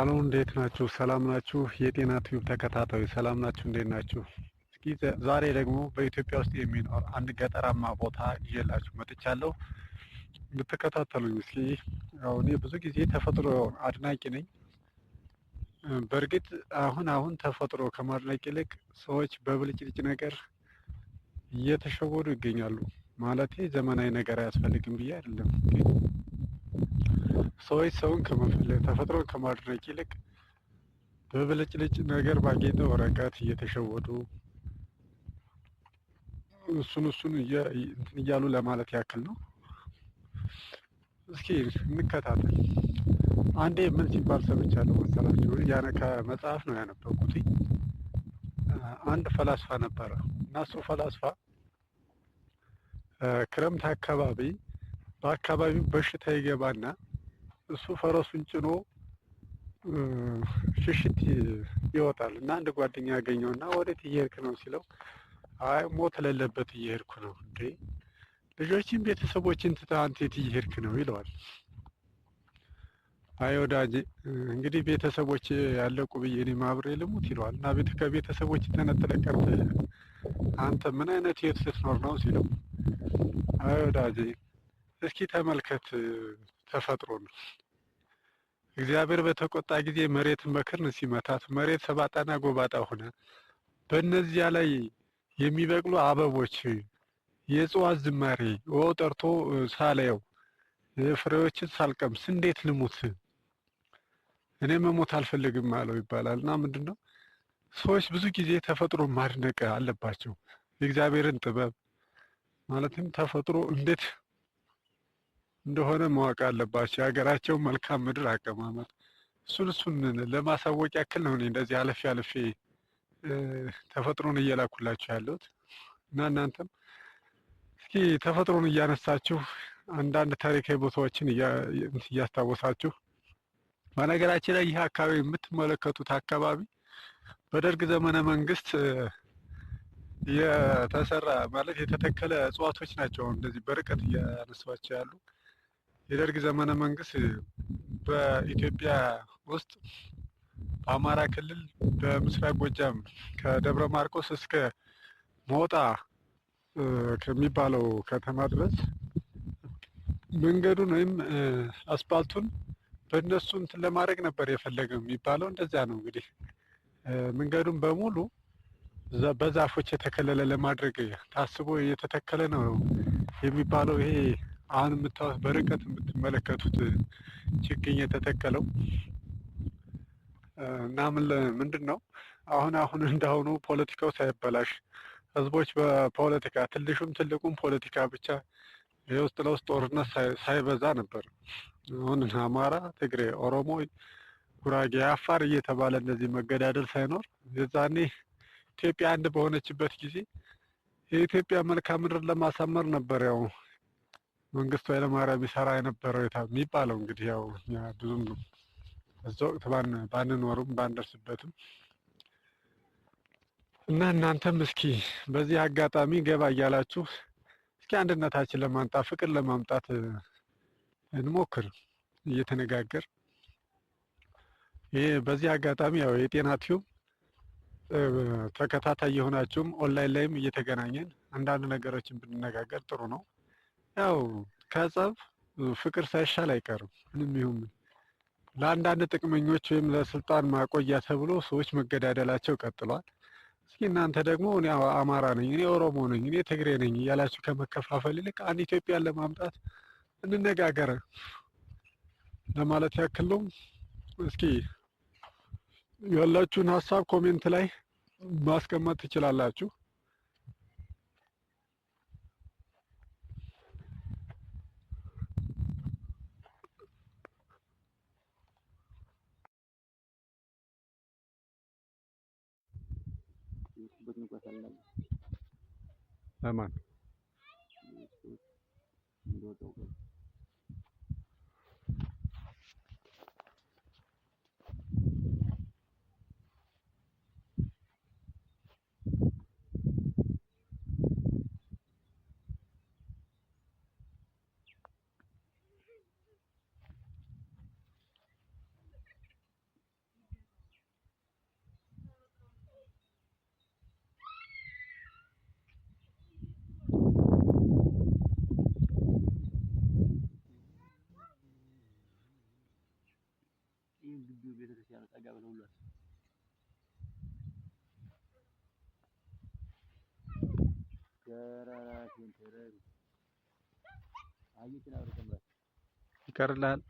አሎ እንዴት ናችሁ? ሰላም ናችሁ? የጤና ቲዩብ ተከታታዩ ሰላም ናችሁ? እንዴት ናችሁ? እስኪ ዛሬ ደግሞ በኢትዮጵያ ውስጥ የሚኖር አንድ ገጠራማ ቦታ ይዤላችሁ መጥቻለሁ። ብትከታተሉኝ እስኪ። እኔ ብዙ ጊዜ ተፈጥሮ አድናቂ ነኝ። በእርግጥ አሁን አሁን ተፈጥሮ ከማድነቅ ይልቅ ሰዎች በብልጭልጭ ነገር እየተሸወዱ ይገኛሉ። ማለቴ ዘመናዊ ነገር አያስፈልግም ብዬ አይደለም ሰዎች ሰውን ከመፈለግ ተፈጥሮን ከማድነቅ ይልቅ በብልጭልጭ ነገር ባጌጠ ወረቀት እየተሸወዱ እሱን እሱን እንትን እያሉ ለማለት ያክል ነው። እስኪ እንከታተል። አንዴ ምን ሲባል ሰምቻለሁ መሰላችሁ? ያነ ከመጽሐፍ ነው ያነበብኩት። አንድ ፈላስፋ ነበረ እና እሱ ፈላስፋ ክረምት አካባቢ በአካባቢው በሽታ ይገባና እሱ ፈረሱን ጭኖ ሽሽት ይወጣል እና አንድ ጓደኛ ያገኘው እና ወዴት እየሄድክ ነው ሲለው አይ ሞት ለለበት እየሄድኩ ነው እንዴ ልጆችን ቤተሰቦችን ትተህ አንተ የት እየሄድክ ነው ይለዋል አይ ወዳጅ እንግዲህ ቤተሰቦች ያለቁ ብዬ እኔ ማብሬ ልሙት ይለዋል እና ከቤተሰቦች ተነጥለህ ቀርተህ አንተ ምን አይነት ህይወት ስትኖር ነው ሲለው አይ ወዳጅ እስኪ ተመልከት ተፈጥሮ ነው። እግዚአብሔር በተቆጣ ጊዜ መሬትን መከርን ሲመታት መሬት ሰባጣና ጎባጣ ሆነ። በእነዚያ ላይ የሚበቅሉ አበቦች፣ የእጽዋት ዝማሬ ወው ጠርቶ ሳላየው ፍሬዎችን ሳልቀምስ እንዴት ልሙት? እኔ መሞት አልፈልግም አለው ይባላል። እና ምንድን ነው ሰዎች ብዙ ጊዜ ተፈጥሮ ማድነቅ አለባቸው። የእግዚአብሔርን ጥበብ ማለትም ተፈጥሮ እንዴት እንደሆነ ማወቅ አለባቸው። የሀገራቸው መልካም ምድር አቀማመጥ እሱን እሱን ለማሳወቅ ያክል ነው እኔ እንደዚህ አለፌ አለፌ ተፈጥሮን እየላኩላችሁ ያለሁት እና እናንተም እስኪ ተፈጥሮን እያነሳችሁ አንዳንድ ታሪካዊ ቦታዎችን እያስታወሳችሁ በነገራችን ላይ ይህ አካባቢ የምትመለከቱት አካባቢ በደርግ ዘመነ መንግስት የተሰራ ማለት የተተከለ እጽዋቶች ናቸው። እንደዚህ በርቀት እያነሷቸው ያሉ የደርግ ዘመነ መንግስት በኢትዮጵያ ውስጥ በአማራ ክልል በምስራቅ ጎጃም ከደብረ ማርቆስ እስከ ሞጣ ከሚባለው ከተማ ድረስ መንገዱን ወይም አስፓልቱን በእነሱ እንትን ለማድረግ ነበር የፈለገው የሚባለው እንደዚያ ነው። እንግዲህ መንገዱን በሙሉ በዛፎች የተከለለ ለማድረግ ታስቦ እየተተከለ ነው የሚባለው ይሄ አሁን የምታዩት በርቀት የምትመለከቱት ችግኝ የተተከለው እና ምንድን ነው አሁን አሁን እንዳሁኑ ፖለቲካው ሳይበላሽ ህዝቦች በፖለቲካ ትልሹም ትልቁም ፖለቲካ ብቻ የውስጥ ለውስጥ ጦርነት ሳይበዛ ነበር። አሁን አማራ፣ ትግሬ፣ ኦሮሞ፣ ጉራጌ፣ አፋር እየተባለ እንደዚህ መገዳደል ሳይኖር የዛኔ ኢትዮጵያ አንድ በሆነችበት ጊዜ የኢትዮጵያ መልክዓ ምድር ለማሳመር ነበር ያው መንግስቱ ኃይለማርያም ይሰራ የነበረው የሚባለው እንግዲህ ያው ብዙም እዛ ወቅት ባንኖርም ባንደርስበትም እና እናንተም እስኪ በዚህ አጋጣሚ ገባ እያላችሁ እስኪ አንድነታችን ለማምጣት ፍቅር ለማምጣት እንሞክር እየተነጋገር ይህ በዚህ አጋጣሚ ያው የጤና ቲዩብ ተከታታይ የሆናችሁም ኦንላይን ላይም እየተገናኘን አንዳንድ ነገሮችን ብንነጋገር ጥሩ ነው። ያው ከጸብ ፍቅር ሳይሻል አይቀርም። ምንም ይሁን ምን ለአንዳንድ ጥቅመኞች ወይም ለስልጣን ማቆያ ተብሎ ሰዎች መገዳደላቸው ቀጥሏል። እስኪ እናንተ ደግሞ እኔ አማራ ነኝ፣ እኔ ኦሮሞ ነኝ፣ እኔ ትግሬ ነኝ እያላችሁ ከመከፋፈል ይልቅ አንድ ኢትዮጵያን ለማምጣት እንነጋገር ለማለት ያክል ነው። እስኪ ያላችሁን ሀሳብ ኮሜንት ላይ ማስቀመጥ ትችላላችሁ። buat nuka salam. Aman. Dua token. ይህም ግቢው ቤተክርስቲያኑ ጸጋ በተሞላበት ይቀርልሃል።